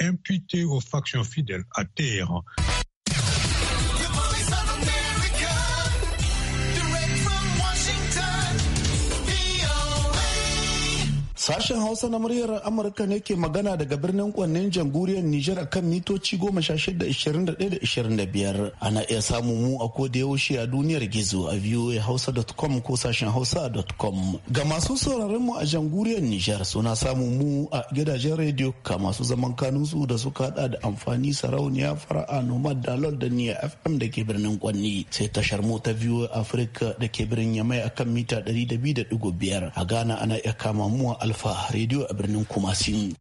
Imputé aux factions fidèles à Téhéran. Sashen Hausa na muryar Amurka ne ke magana daga birnin kwannin jamhuriyar Nijar kan mitoci 16-21-25. Ana iya samu mu a koda yaushe a duniyar gizo a voahausa.com ko sashen hausa.com. Ga masu sauraron mu a jamhuriyar Nijar suna samu mu a gidajen rediyo ka masu zaman kanunsu da suka hada da amfani sarauniya fara'a nomad dalol da niya FM da ke birnin kwanni sai tashar mu ta VOA Africa da ke birnin Yamai akan mita 200.5 a Ghana ana iya kama mu a alfa rediyo a birnin kumasi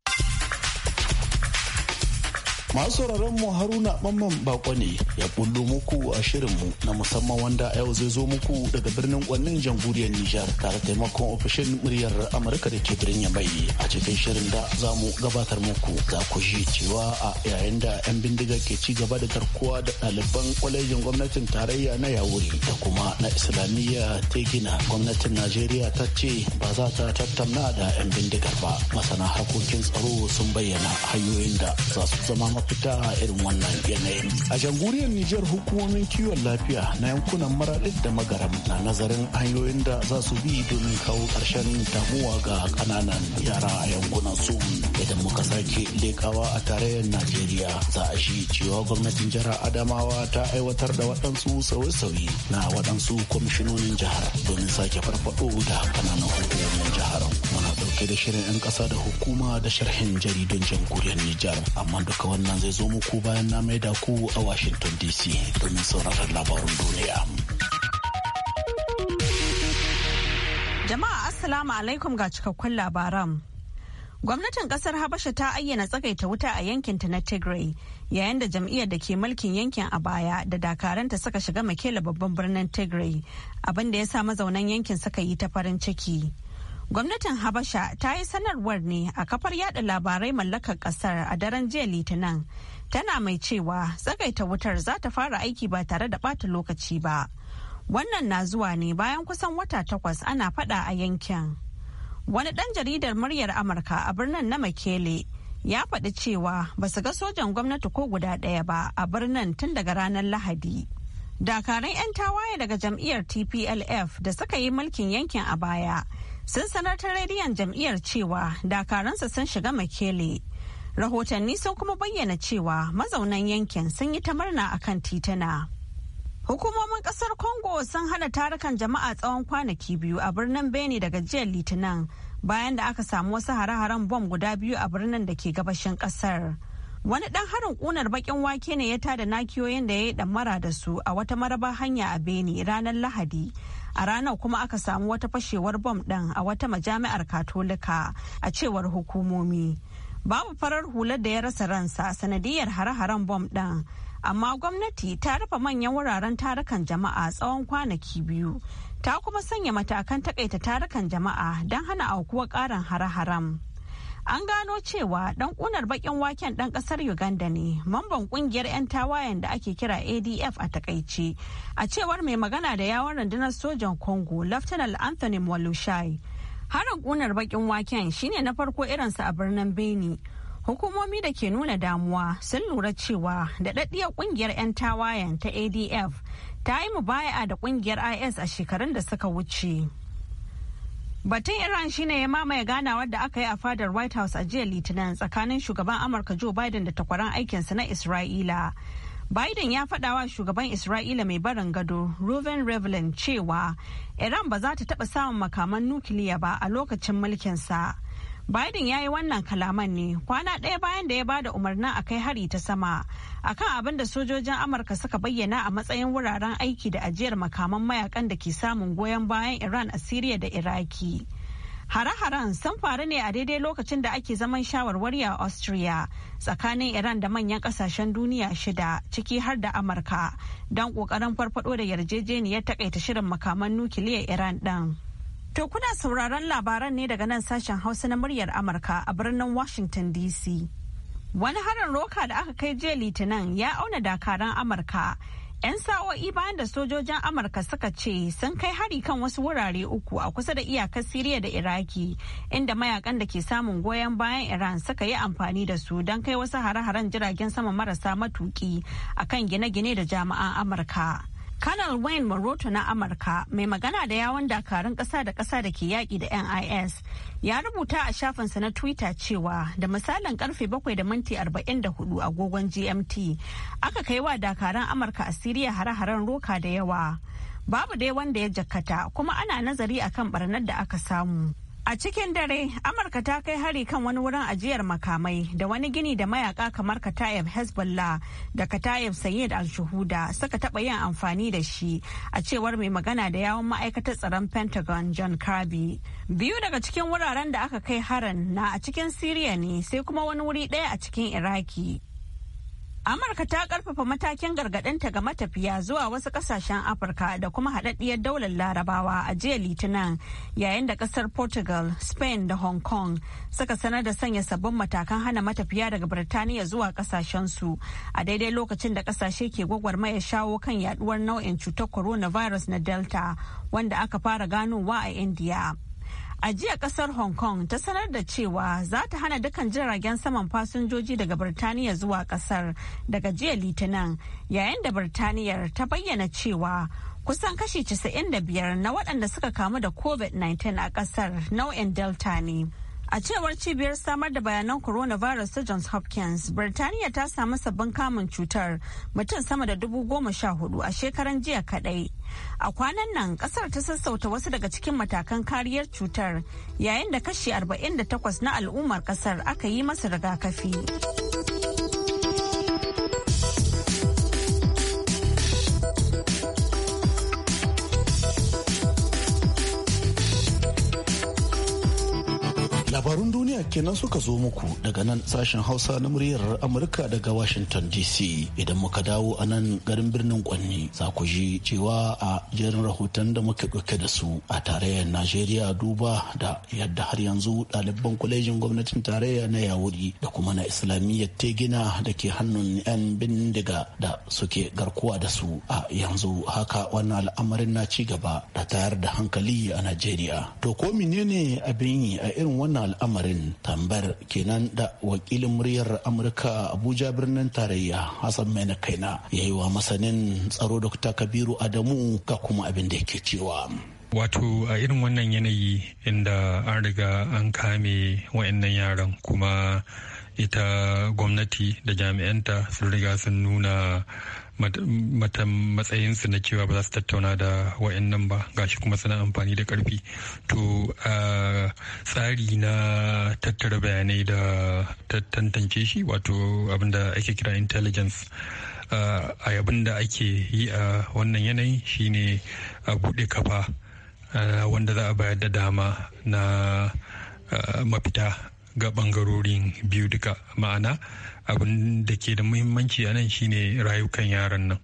masu sauraron mu haruna mamman bako ne ya bullo muku a shirinmu na musamman wanda yau zai zo muku daga birnin kwannin jamhuriyar nijar tare taimakon ofishin muryar amurka da ke birnin yamai a cikin shirin da za mu gabatar muku za ku ji cewa a yayin da yan bindiga ke ci gaba da garkuwa da ɗaliban kwalejin gwamnatin tarayya na yawuri da kuma na islamiyya ta gina gwamnatin najeriya ta ce ba za ta tattauna da yan bindigar ba masana harkokin tsaro sun bayyana hanyoyin da za su zama mafita a irin wannan yanayin. A jamhuriyar Nijar hukumomin kiwon lafiya na yankunan maraɗin da magaram na nazarin hanyoyin da za su bi domin kawo ƙarshen damuwa ga kananan yara a yankunan su. Idan muka sake lekawa a tarayyar Najeriya za a shi cewa gwamnatin jihar Adamawa ta aiwatar da waɗansu sauye-sauye na waɗansu kwamishinonin jihar domin sake farfaɗo da ƙananan hukumomin jihar. Muna ɗauke da shirin 'yan ƙasa da hukuma da sharhin jaridun jamhuriyar Nijar amma duka wannan nan zai zo muku bayan na maida ku a Washington DC domin sauraron labarun duniya. Jama'a Assalamu alaikum ga cikakkun labaran. Gwamnatin kasar Habasha ta ayyana tsagaita wuta a yankinta na Tigray yayin da jam'iyyar da ke mulkin yankin a baya da dakaranta suka shiga makela babban birnin Tigray abinda da ya sa mazaunan yankin suka yi ta farin ciki. Gwamnatin Habasha ta yi sanarwar ne a kafar yada labarai mallakar kasar a daren jiya Litinin. Tana mai cewa tsagaita wutar za ta fara aiki ba tare da bata lokaci ba. Wannan na zuwa ne bayan kusan wata takwas ana fada a yankin. Wani ɗan jaridar muryar Amurka a birnin na Makele ya faɗi cewa ba su ga sojan gwamnati ko guda ɗaya ba a birnin tun daga ranar Lahadi. Dakaran 'yan tawaye daga jam'iyyar TPLF da suka yi mulkin yankin a baya sun sanar ta rediyon jam'iyyar cewa dakaransa sun shiga makele rahotanni sun kuma bayyana cewa mazaunan yankin sun yi ta murna akan tituna. Hukumomin kasar Congo sun hana tarukan jama'a tsawon kwanaki biyu a birnin Beni daga jiya Litinin bayan da aka samu wasu hare-haren bom guda biyu a birnin da ke gabashin kasar. Wani dan harin kunar baƙin wake ne ya tada nakiyoyin da ya yi ɗamara da su a wata maraba hanya a Beni ranar Lahadi a ranar kuma aka samu wata fashewar bom ɗin a wata majami'ar katolika a cewar hukumomi babu farar hular da ya rasa ransa sanadiyar hare-haren bom ɗin amma gwamnati ta rufe manyan wuraren tarukan jama'a tsawon kwanaki biyu ta kuma sanya matakan takaita tarukan jama'a don hana aukuwa ƙarin hare-haren An gano cewa dan kunar bakin waken dan kasar Uganda ne, mamban kungiyar 'yan tawayen da ake kira ADF a takaice. A cewar mai magana da yawon rundunar sojan Congo, Lieutenant Anthony Mwalushai Harin kunar bakin waken shine na farko irinsa a birnin Beni. Hukumomi da ke nuna damuwa sun lura cewa daɗaɗɗiyar ƙungiyar 'yan tawayen ta ADF ta yi mubaya'a da ƙungiyar IS a shekarun da suka wuce. Batun Iran shine ya mamaye ganawar da aka yi a fadar White House a jiya Litinin tsakanin shugaban Amurka Joe Biden da takwaran aikinsa na Isra'ila. Biden ya faɗa wa shugaban Isra'ila mai barin gado Reuven Rivlin cewa Iran ba za ta taɓa samun makaman nukiliya ba a lokacin mulkinsa. Biden ya yi wannan kalaman ne kwana ɗaya bayan da ya ba da umarnin a kai hari ta sama akan abin da sojojin Amurka suka bayyana a matsayin wuraren aiki da ajiyar makaman mayakan da ke samun goyon bayan Iran a Siriya da Iraki. Hare-haren sun faru ne a daidai lokacin da ake zaman shawarwari a Austria tsakanin Iran da manyan kasashen duniya shida ciki har da Amurka don ƙoƙarin farfado da yarjejeniyar takaita shirin makaman nukiliyar Iran ɗin. To kuna sauraron labaran ne daga nan sashen Hausa na muryar Amurka a birnin Washington DC. Wani harin roka da aka kai jiya Litinin ya auna dakaran Amurka. 'Yan sa'o'i bayan da sojojin Amurka suka ce sun kai hari kan wasu wurare uku a kusa da iyakar Siriya da Iraki, inda mayakan da ke samun goyon bayan Iran suka yi amfani da su don kai wasu hare-haren jiragen sama marasa matuki akan gine-gine da jami'an Amurka. Colonel Wayne Maroto na Amurka mai magana da yawon dakarun ƙasa da ƙasa da ke yaƙi da NIS ya rubuta a shafinsa na Twitter cewa da misalin karfe 7 da minti 44 agogon GMT aka kai wa dakaran Amurka a Siriya hare-haren roka da yawa. Babu dai wanda ya jakkata kuma ana nazari akan barnar da aka samu. A cikin dare, Amurka ta kai hari kan wani wurin ajiyar makamai da wani gini da mayaka kamar Katayeb Hezbollah da Katayeb Sayyid al-Shuhuda suka taɓa yin amfani da shi a cewar mai magana da yawon ma'aikatar tsaron Pentagon John Kirby. Biyu daga cikin wuraren da aka kai harin na a cikin Siriya ne sai kuma wani wuri ɗaya a cikin Iraki. Amurka ta karfafa matakin gargadinta ga matafiya zuwa wasu kasashen Afirka da kuma haɗaɗɗiyar daular larabawa a jiya litinin yayin da ƙasar Portugal, Spain da Hong Kong suka sanar da sanya sabbin matakan hana matafiya daga Birtaniya zuwa su a daidai lokacin da ƙasashe ke gwagwarmaya shawo kan yaduwar nau'in cutar coronavirus na Delta wanda aka fara ganowa a India. A jiya kasar Hong Kong ta sanar da cewa za ta hana dukkan jiragen saman fasinjoji daga Birtaniya zuwa kasar daga jiya Litinin yayin da birtaniya ta bayyana cewa kusan kashi 95 na waɗanda suka kamu da COVID-19 a kasar nau'in Delta ne. A cewar cibiyar samar da bayanan coronavirus ta Johns Hopkins, Birtaniya ta samu sabbin kamun cutar mutum sama da dubu goma sha hudu a shekaran jiya kadai. A kwanan nan kasar ta sassauta wasu daga cikin matakan kariyar cutar yayin da kashi 48 na al'ummar kasar aka yi masa rigakafi. labarun duniya kenan suka zo muku daga nan sashen Hausa na muryar Amurka daga Washington DC. Idan muka dawo a nan garin birnin Kwanni za ku ji cewa a jerin rahoton da muke ɗauke da su a tarayyar Najeriya duba da yadda har yanzu ɗaliban kwalejin gwamnatin tarayya na Yawuri da kuma na Islamiyyar Tegina da ke hannun 'yan bindiga da suke garkuwa da su a yanzu haka wannan al'amarin na ci gaba da tayar da hankali a Najeriya. To ko menene abin yi a irin wannan al'amarin lamarin tambar kenan da wakilin muryar amurka abuja birnin tarayya hassan mai kaina ya yi wa masanin tsaro dr kabiru adamu ga kuma abin da yake cewa Wato a irin wannan yanayi inda an riga an kame wa'annan yaran kuma ita gwamnati da jami'anta sun riga sun nuna matsayinsu na cewa ba za su tattauna da wayannan ba gashi kuma suna amfani da karfi to a tsari na tattara bayanai da tantance shi wato abinda ake kira intelligence a da ake yi a wannan yanayi shine a bude kafa wanda za a bayar da dama na mafita ga bangarorin biyu duka ma'ana abin da ke da muhimmanci a nan shine rayukan yaran nan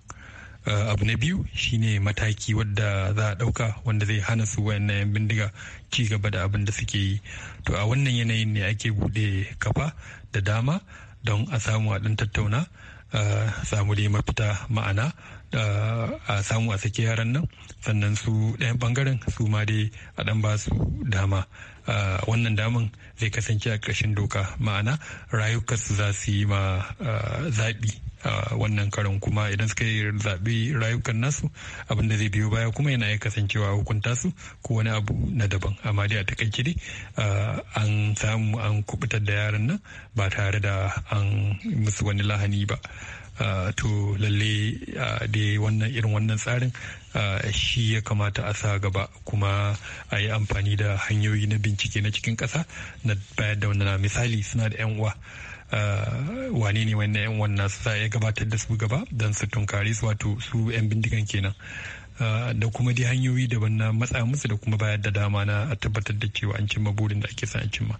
uh, abu na biyu shine mataki wadda za a ɗauka wanda zai hana su wayannan yan bindiga ci gaba da abin da suke yi to a wannan yanayin ne ake bude kafa da dama don a samu a dan tattauna a samu dai mafita ma'ana a samu a sake yaran nan sannan su ɗayan ɓangaren su ma dai a dan ba su dama wannan daman zai kasance a ƙarshen doka ma'ana rayukansu za su yi ma zaɓi a wannan karon kuma idan suka yi zaɓi rayukan nasu abin da zai biyo baya kuma yana iya kasancewa hukunta su ko wani abu na daban amma dai a takaice dai an samu an kubutar da yaran nan ba tare da an musu wani lahani ba to lalle da wannan irin wannan tsarin shi ya kamata a sa gaba kuma a yi amfani da hanyoyi na bincike na cikin ƙasa na bayar da wannan misali suna da 'yan uwa wane ne wannan 'yan wannan su ya gabatar da su gaba don su tunkari su wato su 'yan bindigan kenan da kuma dai hanyoyi daban na matsa musu da kuma bayar da dama na a tabbatar da cewa an cimma burin da ake son an cimma.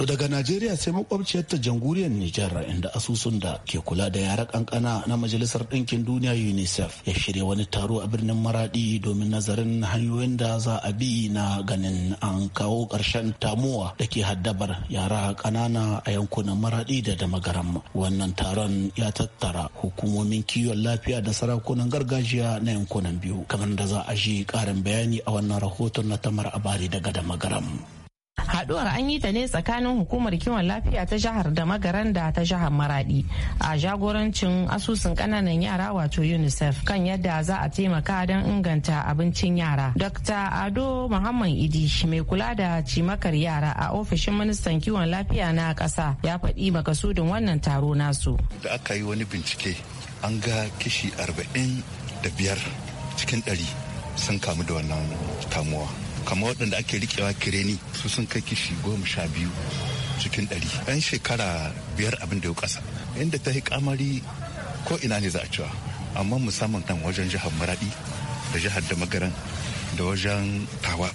To daga Najeriya sai makwabciyar ta jamhuriyar Nijar inda asusun da ke kula da yara kankana na Majalisar Ɗinkin Duniya UNICEF ya shirya wani taro a birnin Maradi domin nazarin hanyoyin da za a bi na ganin an kawo ƙarshen tamuwa da ke haddabar yara ƙanana a yankunan Maradi da Damagaram. Wannan taron ya tattara hukumomin kiwon lafiya da sarakunan gargajiya na yankunan biyu kamar da za a ji ƙarin bayani a wannan rahoton na Tamar Abari daga Damagaram. haduwar an yi ta ne tsakanin hukumar kiwon lafiya ta jihar da magaran da ta jihar maradi a jagorancin asusun kananan yara wato unicef kan yadda za a taimaka don inganta abincin yara dr ado muhammad idi mai kula da cimakar yara a ofishin ministan kiwon lafiya na ƙasa ya faɗi makasudin wannan taro nasu da aka yi wani bincike an ga kishi arba'in da biyar cikin 100 sun kamu da wannan tamuwa. kamar waɗanda ake rikewa kireni su sun kai kishi goma sha biyu cikin ɗari yan shekara biyar abin da ya ƙasa inda ta yi kamari ko ina ne za a cewa amma musamman nan wajen jihar maradi da jihar da magaran da wajen tawa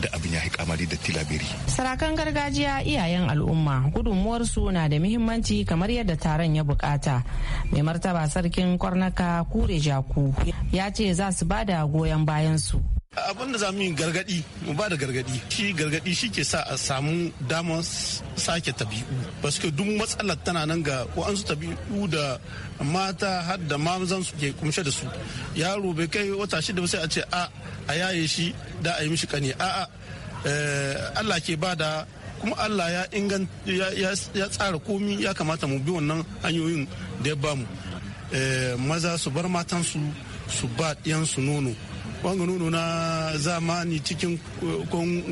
da abin ya yi kamari da tilabiri. Sarakan gargajiya iyayen al'umma gudunmuwarsu na da muhimmanci kamar yadda taron ya bukata. Mai martaba sarkin kwarnaka kure jaku ya ce za su bada goyon bayansu abin da za mu yi gargadi mu ba da gargadi shi gargadi shi ke sa a samu damar sake tabi'u basu duk matsalar tana nan ga wa'ansu tabi'u da mata har da mamzan su ke kumshe da su yaro bai kai wata shi da sai a ce a a yaye shi da a yi mishi kane a a eh, Allah ke ba da kuma Allah ya inganta ya tsara komi ya kamata mu bi wannan hanyoyin da ya ba mu eh, maza su bar matansu su ba ɗiyansu nono wanga nono na zamani cikin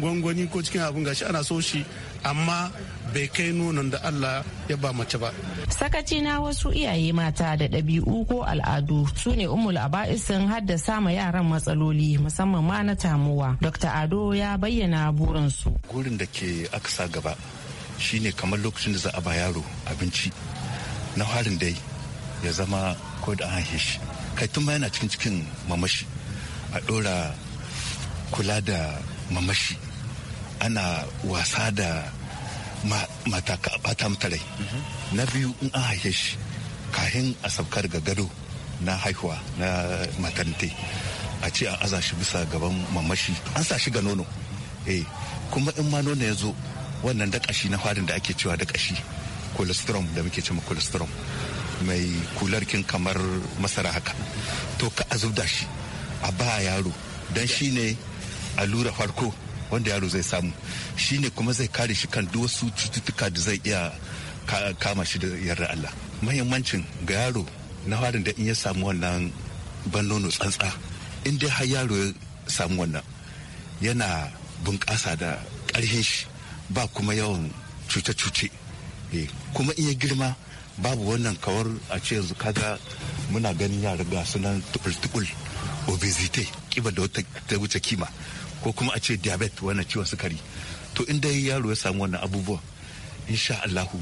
gwangwani ko cikin abin gashi ana so shi amma bai kai nonon da Allah ya ba mace ba. Sakaci na wasu iyaye mata da ɗabi'u ko al'adu su ne umul aba'is sun haddasa ma yaran matsaloli musamman ma na tamuwa. Dr. Ado ya bayyana burinsu. Gurin da ke aka gaba shine kamar lokacin da za a ba yaro abinci na harin dai ya zama ko da an shi kai tun yana cikin cikin mamashi a ɗora kula da mamashi ana wasa da mataka bata mutarai mhm. na biyu in an haife shi kahin a saukar ga gado na haihuwa na matante a ce an aza shi bisa gaban mamashi an sa shi ga nono eh kuma in ma nono ya zo wannan da kashi na farin da ake cewa da kashi da muke cewa colostrum mai kularkin kamar masara haka to ka azubda shi a ba yaro don shi ne allura farko wanda yaro zai samu shi ne kuma zai kare shi kan duk wasu cututtuka da zai iya kama shi da yarda Allah mahimmancin ga yaro na farin da in ya samu wannan ban tsantsa in dai har yaro ya samu wannan yana bunƙasa da ƙarfin shi ba kuma yawan cuce-cuce eh, kuma in ya girma babu wannan kawar a ce yanzu kaga muna ganin yara ga sunan tukul-tukul obesity kiba da wata wuce kima ko kuma a ce diabetes wannan ciwon sukari to in dai yaro ya samu wannan abubuwa insha Allahu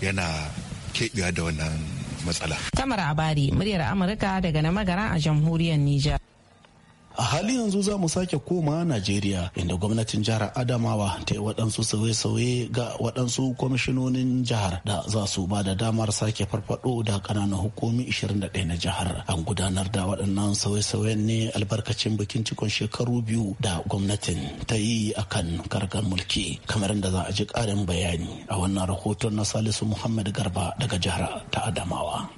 yana keɓewa da wannan matsala. Tamar Abari, muryar Amurka daga na magara a jamhuriyar Nijar. a hali yanzu za mu sake koma najeriya inda gwamnatin jihar adamawa ta yi waɗansu sauye-sauye ga waɗansu kwamishinonin jihar da za su ba da damar sake farfado da ƙananan hukumi 21 na jihar an gudanar da waɗannan sauye-sauyen ne albarkacin bikin cikon shekaru biyu da gwamnatin ta yi akan kargar mulki kamar da za a ji ƙarin bayani a wannan rahoton na salisu muhammad garba daga jihar ta adamawa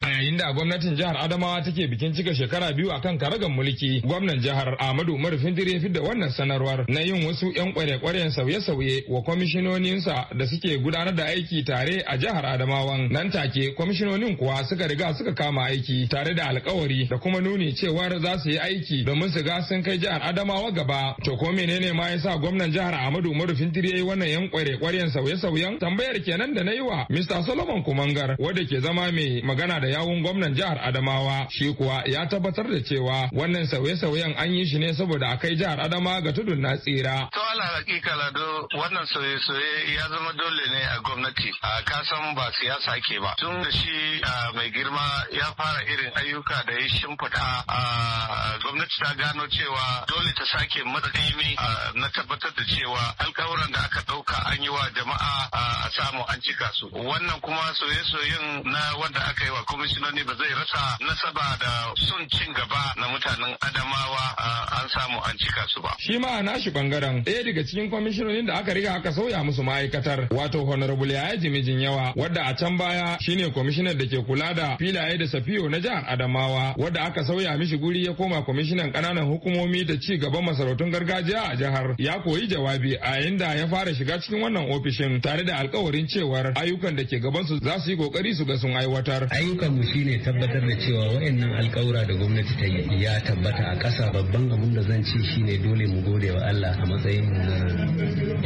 A yayin da gwamnatin jihar Adamawa take bikin cika shekara biyu akan karagan mulki, gwamnan jihar Ahmadu Umar Fintiri ya fidda wannan sanarwar na yin wasu 'yan kware-kwaren sauye-sauye wa kwamishinoninsa da suke gudanar da aiki tare a jihar Adamawan. Nan take kwamishinonin kuwa suka riga suka kama aiki tare da alkawari da kuma nuni cewar za su yi aiki domin su ga sun kai jihar Adamawa gaba. To ko menene ma yasa gwamnan jihar Ahmadu Umar Fintiri ya yi wannan 'yan kware-kwaren sauye-sauyen? Tambayar kenan da na yi wa Mr. Solomon Kumangar wanda ke zama mai magana da yawun gwamnan jihar Adamawa shi kuwa ya tabbatar da cewa wannan sauye-sauyen an yi shi ne saboda a kai jihar Adamawa ga tudun na tsira. To ala hakika lado wannan sauye-sauye ya zama dole ne a gwamnati a kasan ba siyasa ke ba tun da shi mai girma ya fara irin ayyuka da ya shimfiɗa a gwamnati ta gano cewa dole ta sake matsakaimi na tabbatar da cewa alkawuran da aka ɗauka an yi wa jama'a a samu an cika su wannan kuma soye-soyen na wanda aka yi wa kwamishinoni ba zai rasa nasaba da sun cin gaba na mutanen adamawa an samu an cika su ba. Shi ma a nashi bangaren ɗaya daga cikin kwamishinonin da aka riga aka sauya musu ma'aikatar wato honorable yaya jimijin yawa wadda a can baya shine kwamishinan da ke kula da filaye da safiyo na jihar Adamawa wadda aka sauya mishi guri ya koma kwamishinan ƙananan hukumomi da ci gaban masarautun gargajiya a jihar ya koyi jawabi a yayin da ya fara shiga cikin wannan ofishin tare da alkawarin cewar ayyukan da ke gabansu za su yi kokari su ga sun aiwatar. Bukatar mu shine tabbatar da cewa wayannan alkawura da gwamnati ta yi ya tabbata a ƙasa babban abun da zan ce shine dole mu gode wa Allah a matsayin mu na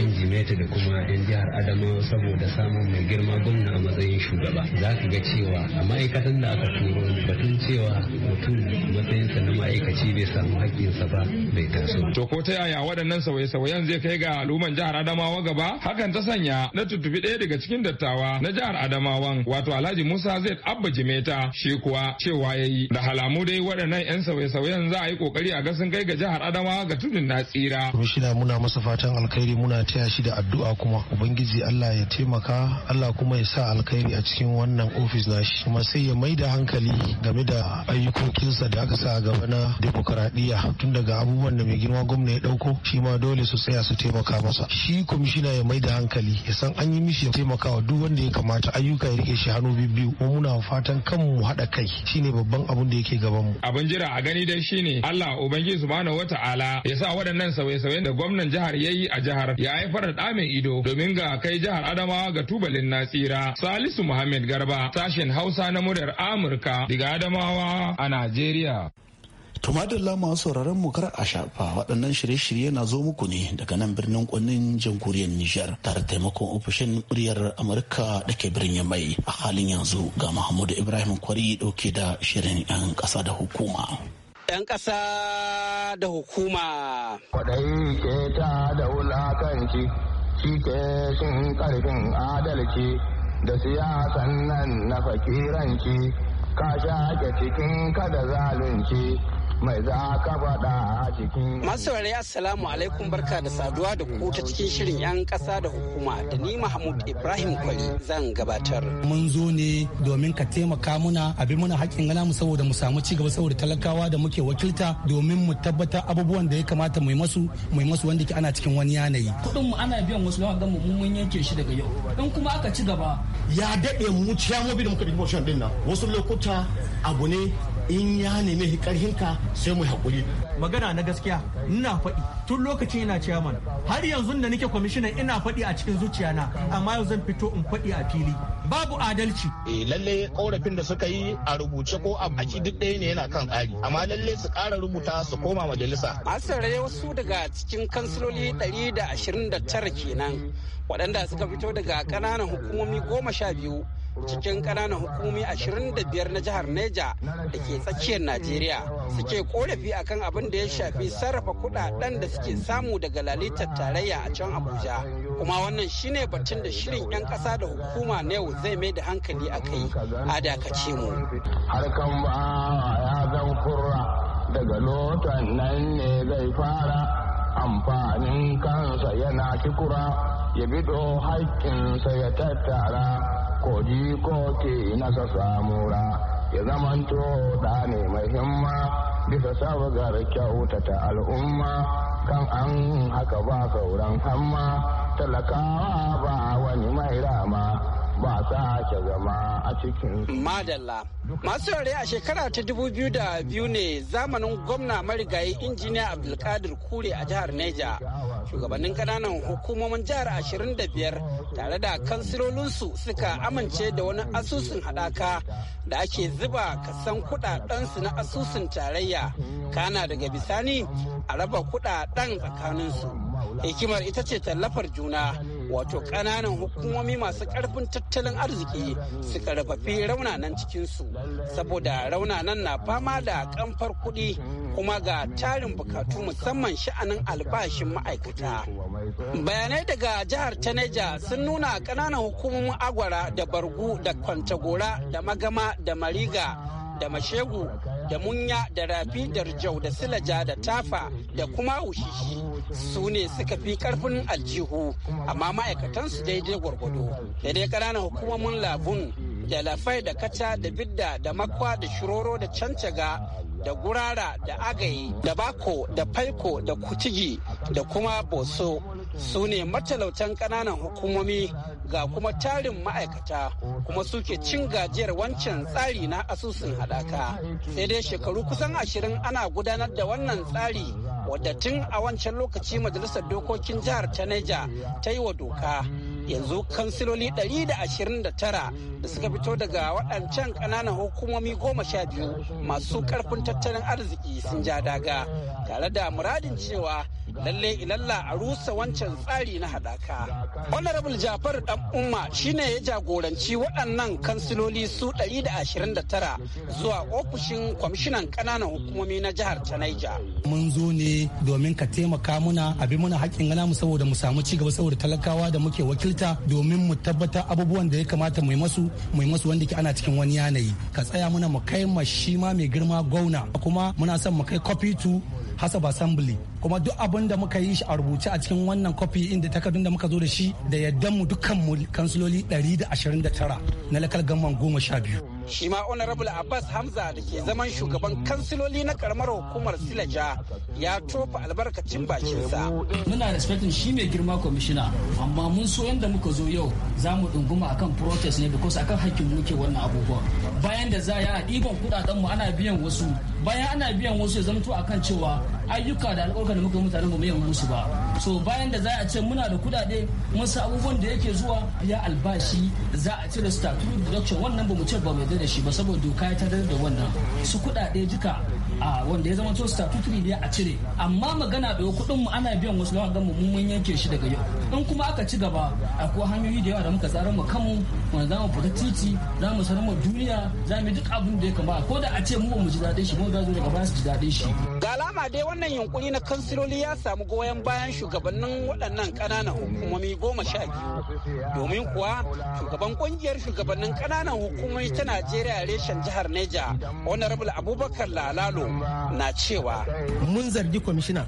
injimeta da kuma yan jihar Adamawa saboda samun mai girma gwamna a matsayin shugaba. Za ka ga cewa a ma'aikatan da aka turo batun cewa mutum matsayinsa na ma'aikaci bai samu haƙƙinsa ba bai taso. To ko ta yaya waɗannan sauye-sauyen zai kai ga al'umman jihar Adamawa gaba? Hakan ta sanya na tuttubi ɗaya daga cikin dattawa na jihar Adamawan wato Alhaji Musa Zaid Abba jimi rungume ta shi kuwa cewa ya yi da halamu dai waɗannan 'yan sauye-sauyen za a yi kokari a ga sun kai ga jihar adamawa ga tudun na tsira. Kwamishina muna masa fatan alkhairi muna taya shi da addu'a kuma ubangiji Allah ya taimaka Allah kuma ya sa alkhairi a cikin wannan ofis nashi kuma sai ya mai da hankali game da ayyukokinsa da aka sa a gaba na demokaradiyya tun daga abubuwan da mai girma gwamna ya ɗauko shi ma dole su tsaya su taimaka masa shi kwamishina ya mai da hankali ya san an yi mishi ya taimakawa duk wanda ya kamata ayyuka ya rike shi hannu biyu kuma muna fatan kan mu haɗa kai shine babban abun da yake gaban mu Abun jira a gani dai shine Allah ubangiji subhanahu wataala ya sa waɗannan sauye-sauyen da gwamnan jihar yayi a jihar ya haifar da mai ido domin ga kai jihar Adamawa ga tubalin Nasira Salisu Muhammad Garba sashen Hausa na muryar Amurka daga Adamawa a Najeriya da masu sauraron mu kar a shafa waɗannan shirye-shirye na zo muku ne daga nan birnin kwanin jamhuriyar Nijar tare taimakon ofishin muryar Amurka da ke birnin mai a halin yanzu ga Mahmudu Ibrahim Kwari dauke da shirin 'yan ƙasa da hukuma. 'Yan ƙasa da hukuma. Kwaɗayi ke ta da wulakanci, shi ke shin ƙarfin adalci da siyasan nan na fakiranci, ka shaƙe cikin kada zalunci. mai za ka faɗa a cikin. Masu assalamu alaikum barka da saduwa da ku ta cikin shirin 'yan ƙasa da hukuma da ni Mahmud Ibrahim Kwali zan gabatar. Mun zo ne domin ka taimaka muna abin muna haƙƙin gana mu saboda mu samu cigaba saboda talakawa da muke wakilta domin mu tabbatar abubuwan da ya kamata mu yi masu mu yi masu wanda ke ana cikin wani yanayi. Kuɗin mu ana biyan wasu lawan mu mun yanke shi daga yau. In kuma aka ci gaba. Ya daɗe mu ciyamobi da muka ɗin wasu lokuta abu ne in ya nemi karhinka sai mu hakuri. magana na gaskiya ina faɗi tun lokacin ina ciyaman har yanzu da nake kwamishinan ina faɗi a cikin zuciyana amma yau zan fito in faɗi a fili babu adalci. Eh lalle korafin da suka yi a rubuce ko a baki duk ɗaya ne yana kan tsari amma lalle su ƙara rubuta su koma majalisa. An sarare wasu daga cikin kansiloli 129 kenan waɗanda suka fito daga ƙananan hukumomi goma sha biyu cikin ƙananan hukumi 25 na jihar Neja da ke tsakiyar Najeriya suke korafi akan abin da ya shafi sarrafa kudaden da suke samu daga lalitar tarayya a can Abuja. Kuma wannan shine batun da shirin 'yan ƙasa da hukuma na yau zai mai da hankali a kai a dakace mu. Harkar ba ya daga ne zai fara amfanin kansa yana kikura ya bido haƙƙinsa ya tattara. kodi ko ke nasa samura ya zamanto da ne mai himma bisa sabgar kyautata al'umma kan an haka ba sauran hamma talakawa ba wani mai rama ba ke zama a cikin madalla masu yare a shekara ta dubu biyu da biyu ne zamanin gwamna marigayi injiniya abdulkadir kure a jihar neja shugabannin kananan hukumomin jihar ashirin da biyar tare da kansilolinsu suka amince da wani asusun hadaka da ake zuba kasan kudadensu na asusun tarayya kana daga bisani a raba kudaden tsakaninsu hikimar ita ce tallafar juna wato kananan hukumomi masu karfin tattalin arziki su karfafi raunanan cikinsu saboda raunanan na fama da kamfar kuɗi kuma ga tarin bukatu musamman sha'anin albashin ma'aikata bayanai daga jihar taneja sun nuna kananan hukumomin agwara da bargu da kwantagora da magama da mariga da mashegu da munya da rafi da rijau da silaja da tafa da kuma wushishi su ne suka fi karfin aljihu amma ma'aikatan su daidai gwargwado da dai ƙananan hukumomin labun da lafai da kata da bidda da makwa da shiroro da cancaga da gurara da agaye da bako da faiko da kutigi da kuma boso su ne matalautan ƙananan hukumomi ga kuma tarin ma'aikata kuma suke cin gajiyar wancan tsari na asusun haɗaka sai dai shekaru kusan ashirin ana gudanar da wannan tsari wadda tun a wancan lokaci majalisar dokokin jihar ta neja ta yi wa doka yanzu kansiloli 129 da suka fito daga waɗancan ƙananan hukumomi goma sha biyu masu ƙarfin tattalin arziki sun ja daga tare da muradin cewa lalle ilalla a rusa wancan tsari na haɗaka. honorable jafar dan umma shine ya jagoranci waɗannan kansiloli su 129 zuwa ofishin kwamishinan ƙananan hukumomi na jihar ta mun zo ne domin ka taimaka muna abin muna haƙƙin gana mu saboda mu samu ci gaba saboda talakawa da muke wakil wakilta domin mu tabbatar abubuwan da ya kamata mu masu mu masu wanda ke ana cikin wani yanayi ka tsaya muna mu kai ma shi ma mai girma gauna kuma muna son mu kai copy to House Assembly kuma duk abin da muka yi shi a rubuce a cikin wannan kwafi inda takardun da muka zo da shi da yaddan mu dukkan mu kansiloli 129 na lakal gamman goma sha biyu. shi ma honorable abbas hamza da ke zaman shugaban kansiloli na karamar hukumar silaja ya tofa albarkacin bakinsa muna respectin shi mai girma kwamishina amma mun so yadda muka zo yau za mu dunguma akan protest ne because akan hakkin muke wannan abubuwa bayan da za a ɗiban kuɗaɗen mu ana biyan wasu bayan ana biyan wasu ya zamto akan cewa ayyuka da alƙawarin da muka mutane mu mai musu ba so bayan da za a ce muna da kuɗaɗe mun sa abubuwan da yake zuwa ya albashi za a cire statute deduction wannan ba mu ce ba mai yarda da shi ba saboda doka ya tarar da wannan su kuɗaɗe duka a wanda ya zama to statutory ne a cire amma magana da kuɗin mu ana biyan wasu lawan gamu mun mun yanke shi daga yau in kuma aka ci gaba akwai hanyoyi da yawa da muka tsara mu kanmu wanda za mu fita titi za mu sanar mu duniya za mu duk abin da ya kamata ko da a ce mu ba mu ji daɗin shi mu za zo daga ba su ji daɗin shi ga alama dai wannan yunkuri na kansiloli ya samu goyon bayan shugabannin waɗannan ƙananan hukumomi goma sha biyu domin kuwa shugaban ƙungiyar shugabannin ƙananan hukumomi tana Najeriya reshen jihar Neja, Honorable Abubakar Lalalo na cewa. Mun zargi kwamishina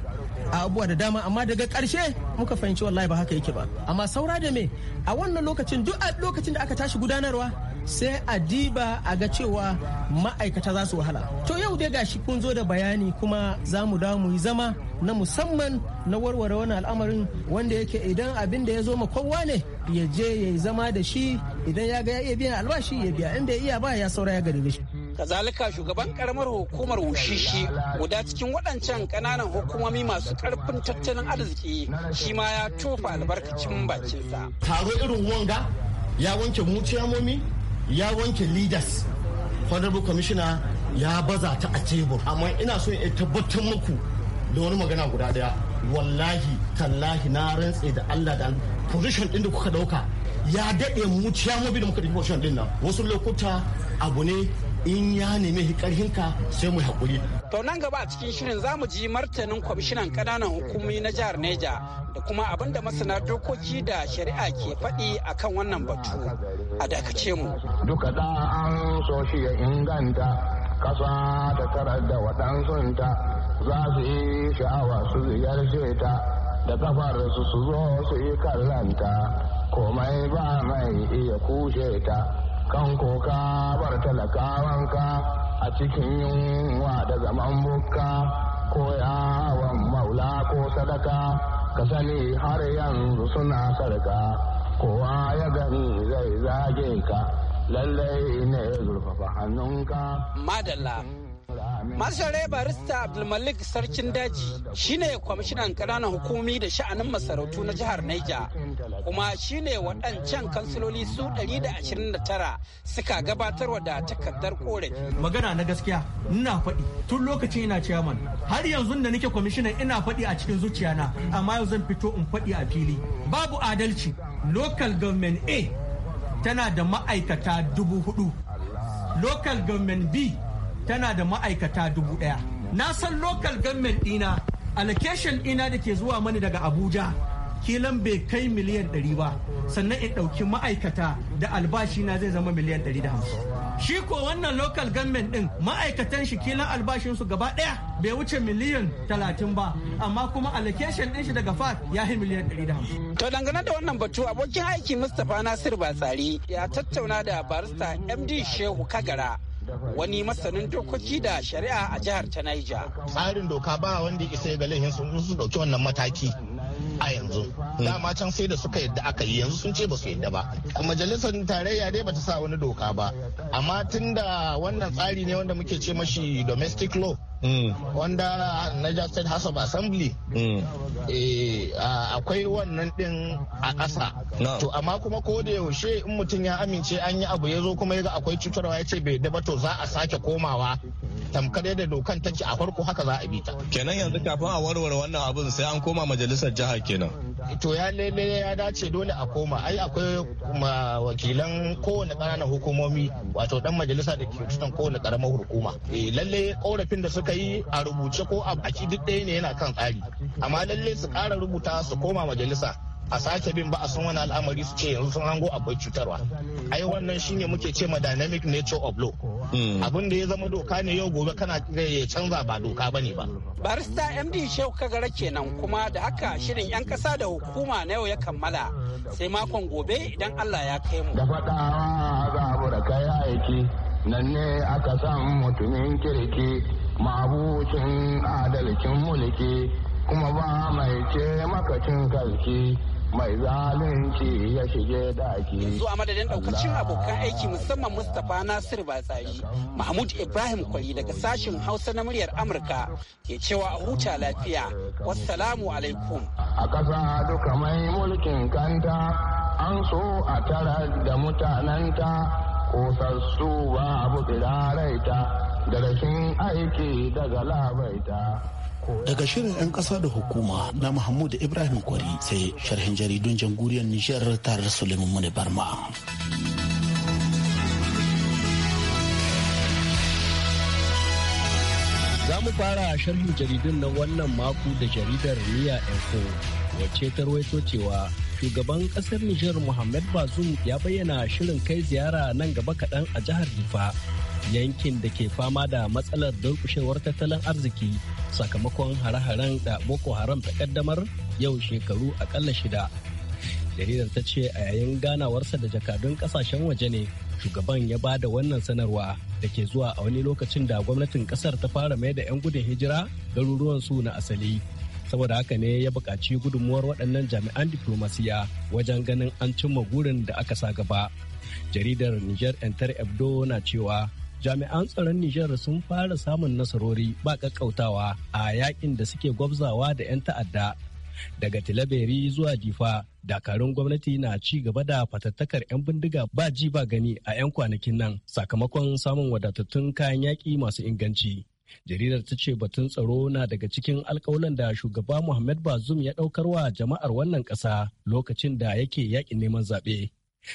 a abubuwa da dama amma daga karshe muka fahimci wallahi ba haka yake ba. Amma saura da me a wannan lokacin duk lokacin da aka tashi gudanarwa sai a diba a ga cewa ma'aikata za su wahala to yau dai gashi kun zo da bayani kuma za mu dawo mu yi zama na musamman na warware wani al'amarin wanda yake idan abin da ya zo ma kowa ne ya je ya yi zama da shi idan ya ga ya iya biyan albashi ya biya inda ya iya ba ya saura ya gari shi kazalika shugaban karamar hukumar wushishi guda cikin waɗancan ƙananan hukumomi masu ƙarfin tattalin arziki shi ma ya tofa albarkacin bakinsa taro irin wanga ya wanke mu ciyamomi ya wanke leaders honorable commissioner ya baza ta a tebur amma ina so in tabbatar muku da wani magana guda daya wallahi tallahi na rantse da Allah da position din da kuka dauka ya daɗe mu mubi da muka dauki position din nan wasu lokuta abu ne in ya nemi karhinka sai mu hakuri. To nan gaba a cikin shirin za mu ji martanin kwamishinan kananan hukumi na jihar Neja da kuma abinda da masana dokoki da shari'a ke faɗi akan wannan batu. A dakace mu duka da an so shi ya inganta kasa ta tarar da waɗansunta za su yi sha'awa su ziyarce ta da kafar su su zo su yi kallanta komai ba mai iya kushe ta kan koka bar talakawanka a cikin yunwa da zaman bukka ko yawon maula ko sadaka ka sani har yanzu suna sarka kowa ya gani zai zage ka lallai ne zurfafa hannunka madalla barista Abdulmalik Sarkin Daji shine kwamishinan ƙananan hukumi da sha'anin masarautu na jihar Naija kuma shine waɗancan kansiloli su 129 suka gabatarwa da takardar korafi. Magana na gaskiya ina faɗi tun lokacin ina ciyaman har yanzu da nake kwamishinan ina faɗi a cikin zuciyana amma yau zan fito in faɗi a fili babu adalci local government A tana da ma'aikata dubu hudu local government b tana da ma'aikata dubu daya na san local government dina allocation ina da ke zuwa mani daga abuja kilan bai kai miliyan ɗari ba sannan in ɗauki ma'aikata da albashi na zai zama miliyan 150 shi ko wannan local government din ma'aikatan shi kilan su gaba ɗaya bai wuce miliyan talatin ba amma kuma allocation din shi daga fat ya yi miliyan 150 to dangane da wannan batu abokin aiki mustapha nasir batsari ya tattauna da barista md shehu kagara wani masanin dokoki da shari'a a jihar ta Niger. Tsarin doka ba wanda isa ga laifin sun dauki wannan mataki. a yanzu dama can sai da suka yadda aka yi yanzu sun ce ba su yadda ba majalisar tarayya dai bata sa wani doka ba amma tunda wannan tsari ne wanda muke ce mashi domestic law Mm. wanda na State House of Assembly mm. eh, akwai wannan din a kasa. To amma kuma ko da yaushe in mutum ya amince an yi abu ya zo kuma ya ga akwai cutarwa ya ce bai daba to za a sake komawa tamkar yadda dokan ta ce a farko haka za a bi ta. Kenan yanzu kafin a warware wannan abin sai an koma majalisar jiha kenan. To ya lele ya dace dole a koma ai akwai wakilan kowane ƙananan hukumomi wato dan majalisa da ke tutan kowane ƙaramar hukuma. Eh, lalle korafin da suka yi a rubuce ko a baki duk ɗaya ne yana kan tsari amma lalle su ƙara rubuta su koma majalisa a sake bin ba a san wani al'amari su ce yanzu sun hango akwai cutarwa ai wannan shine muke ce ma dynamic nature of law hmm. abin da ya zama doka ne yau gobe kana ya canza ba doka bane ba barista md shehu kagara kenan kuma da haka shirin yan kasa da hukuma na yau ya kammala sai makon gobe idan allah ya kai mu da faɗawa za da kai aiki nan ne aka san mutumin kirki mabucin adalcin mulki kuma ba mai ce makacin kalki mai zalunci ya shige daki. Yanzu a madadin daukacin abokan aiki musamman Mustapha Nasir Batsayi, Mahmud Ibrahim Kwari daga sashen Hausa na muryar Amurka ke cewa a huta lafiya. Wassalamu alaikum. A ƙasa duka mai mulkin kanta, an so a tara da mutanenta. kosassu ba abu kiraraita da rashin aiki daga labaita. daga shirin 'yan ƙasa da hukuma na mahmud ibrahim kwari sai sharhin jaridun jamhuriyar nijar tare da suleiman mune barma za mu fara sharhin jaridun na wannan mako da jaridar miya info wacce ta rawaito cewa shugaban kasar Nijar Muhammad Bazoum ya bayyana shirin kai ziyara nan gaba kaɗan a jihar Difa, yankin da ke fama da matsalar durkushewar tattalin arziki sakamakon hare-haren da Boko Haram ta kaddamar yau shekaru akalla shida. Jaridar ta ce a yayin ganawarsa da jakadun kasashen waje ne shugaban ya ba da wannan sanarwa da ke zuwa a wani lokacin da gwamnatin kasar ta fara mai da 'yan gudun hijira garuruwan su na asali. saboda haka ne ya buƙaci gudunmuwar waɗannan jami'an diplomasiya wajen ganin an cimma gurin da aka sa gaba jaridar niger enter ebdo na cewa jami'an tsaron niger sun fara samun nasarori ba ƙaƙƙautawa a yakin da suke gwabzawa da 'yan ta'adda daga tilaberi zuwa difa dakarun gwamnati na ci gaba da fatattakar 'yan bindiga ba ji ba gani a 'yan kwanakin nan sakamakon samun wadatattun kayan yaƙi masu inganci jaridar ta ce batun tsaro na daga cikin alkawalan da shugaba muhammad bazum ya wa jama'ar wannan ƙasa lokacin da yake yakin neman zaɓe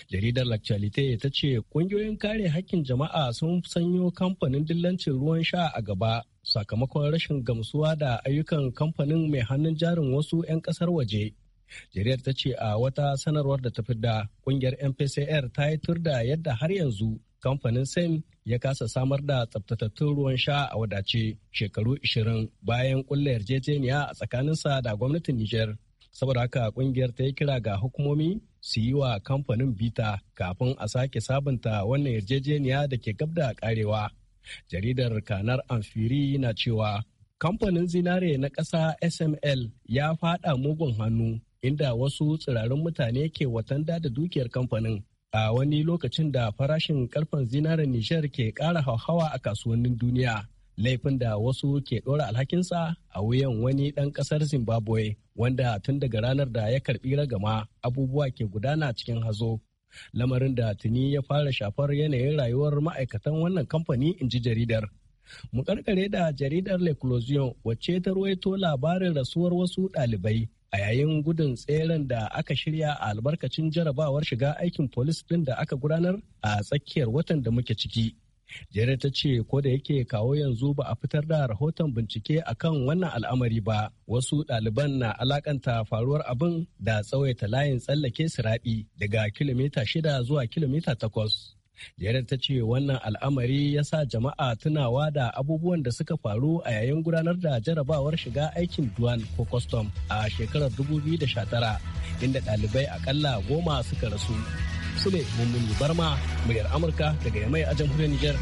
jaridar lakcalite ta ce ƙungiyoyin kare hakkin jama'a sun sanyo kamfanin dillancin ruwan sha a gaba sakamakon rashin gamsuwa da ayyukan kamfanin mai hannun jarin wasu 'yan ƙasar waje jaridar ta ce a wata sanarwar da ta fidda kungiyar mpcr ta yi tur da yadda har yanzu kamfanin sem ya kasa samar da tsabtatattun ruwan sha a wadace shekaru 20 bayan kulla yarjejeniya a tsakaninsa da gwamnatin Nijar. Saboda haka kungiyar ta yi kira ga hukumomi su yi wa kamfanin bita kafin a sake sabunta wannan yarjejeniya da ke gab da karewa. Jaridar Kanar Amfiri na cewa kamfanin zinare na ƙasa SML ya faɗa mugun hannu inda wasu tsirarin mutane ke watanda da dukiyar kamfanin a wani lokacin da farashin karfen zinaren Nijar ke ƙara hauhawa a kasuwannin duniya. Laifin da wasu ke ɗora alhakinsa a wuyan wani ɗan ƙasar Zimbabwe wanda tun daga ranar da ya karɓi ragama abubuwa ke gudana cikin hazo. Lamarin da tuni ya fara shafar yanayin rayuwar ma'aikatan wannan kamfani in ji jaridar. Mu karkare da jaridar Le wacce ta ruwaito labarin rasuwar wasu ɗalibai a yayin gudun tseren da aka shirya a albarkacin jarabawar shiga aikin polis ɗin da aka gudanar a tsakiyar watan da muke ciki. Jere ta ce ko da yake kawo yanzu ba a fitar da rahoton bincike akan wannan al'amari ba wasu ɗaliban na alakanta faruwar abin da tsawaita layin tsallake siraɗi daga kilomita shida zuwa kilomita takwas. jerin ta ce wannan al'amari ya sa jama'a tunawa da abubuwan da suka faru a yayin gudanar da jarabawar shiga aikin duwan ko kwastam a shekarar 2019 inda ɗalibai akalla goma suka rasu sule mummuni barma muryar amurka daga yamai a jamhuriyar niger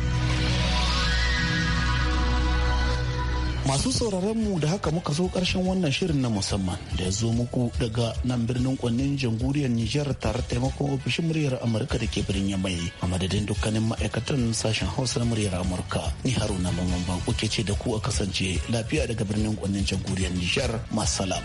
Masu sauraron mu da haka muka zo karshen wannan shirin na musamman da ya zo muku daga nan birnin kwannin jamhuriyar Nijar tare taimakon ofishin muryar Amurka da ke birnin Yamai a madadin dukkanin ma'aikatan sashen Hausa na muryar Amurka. Ni Haruna Mamman ku ke ce da ku a kasance lafiya daga birnin kwannin jamhuriyar Nijar. Masalam.